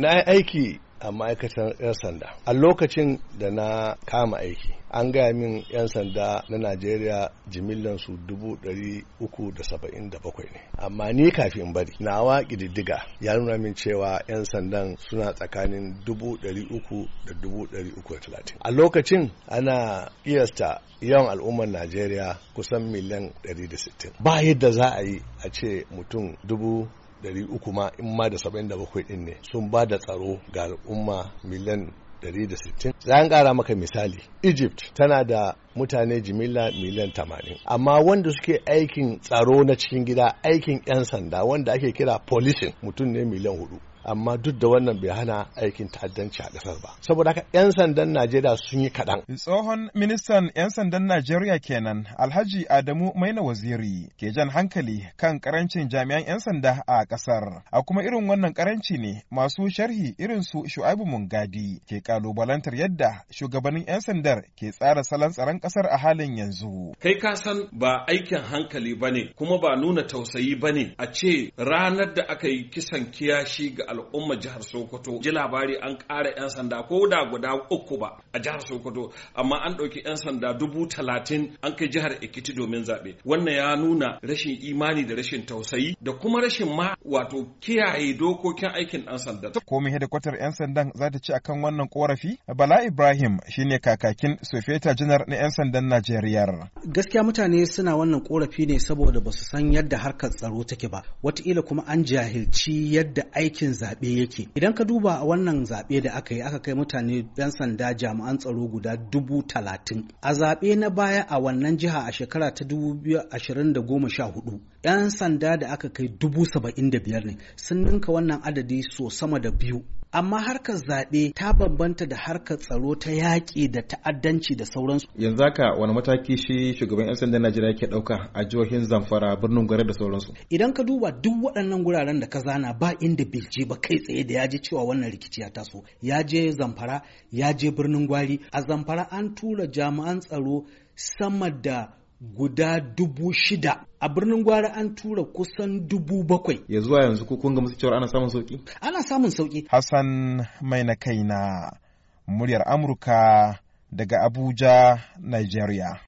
na yi aiki a ma'aikatan 'yan sanda a lokacin da na kama aiki an gaya min 'yan sanda na najeriya jimillan su 377 ne amma ni kafin bari nawa ƙididdiga ya nuna min cewa 'yan sandan suna tsakanin 300 da 330 a lokacin ana kiyasta yawan al'ummar najeriya kusan miliyan 160 ba yadda za a yi a ce mutum 300 ma in ma da 77 din ne sun ba da tsaro ga al'umma miliyan 160 za an kara maka misali egypt tana da mutane jimila miliyan tamanin amma wanda suke aikin tsaro na cikin gida aikin 'yan sanda wanda ake kira policing mutum ne miliyan hudu amma duk da wannan bai hana aikin ta'addanci a ƙasar ba saboda haka 'yan sandan najeriya sun yi kaɗan tsohon ministan 'yan sandan najeriya kenan alhaji adamu maina waziri ke jan hankali kan karancin jami'an 'yan sanda a ƙasar a kuma irin wannan karanci ne masu sharhi irin su shu'aibu mungadi ke kalubalantar yadda shugabannin 'yan sandar ke tsara salon tsaron ƙasar a halin yanzu kai ka san ba aikin hankali bane kuma ba nuna tausayi bane a ce ranar da aka yi kisan kiyashi ga al'ummar jihar Sokoto ji labari an ƙara 'yan sanda ko da guda uku ba a jihar Sokoto amma an ɗauki 'yan sanda dubu talatin an kai jihar Ekiti domin zaɓe wannan ya nuna rashin imani da rashin tausayi da kuma rashin ma wato kiyaye dokokin aikin ɗan sanda. Komai hedikwatar 'yan sandan za ta ci akan wannan korafi? Bala Ibrahim shine kakakin Sofeta Janar na 'yan sandan Najeriya. Gaskiya mutane suna wannan korafi ne saboda ba su san yadda harkar tsaro take ba. Wataƙila kuma an jahilci yadda aikin zaɓe yake idan ka duba a wannan zaɓe da aka yi aka kai mutane 'yan sanda jami'an tsaro guda dubu talatin a zaɓe na baya a wannan jiha a shekara ta dubu biyu ashirin da goma sha hudu 'yan sanda da aka kai dubu saba'in da biyar ne sun ninka wannan adadi so sama da biyu amma harkar zaɓe ta bambanta da harkar tsaro ta yaƙi da ta'addanci da sauransu. Yanzu haka wani mataki shi shugaban 'yan sandan Najeriya ke ɗauka a jihohin Zamfara, birnin Gwari da sauransu. Idan ka duba duk waɗannan guraren da ka zana ba inda bai ba kai tsaye da ya ji cewa wannan rikici ya taso. Ya je Zamfara, ya je birnin Gwari. A Zamfara an tura jami'an tsaro sama da guda dubu shida a birnin gwara an tura kusan dubu bakwai ya zuwa yanzu ko ga musu cewa ana samun sauki ana samun sauki hassan mai na kai na muryar amurka daga abuja nigeria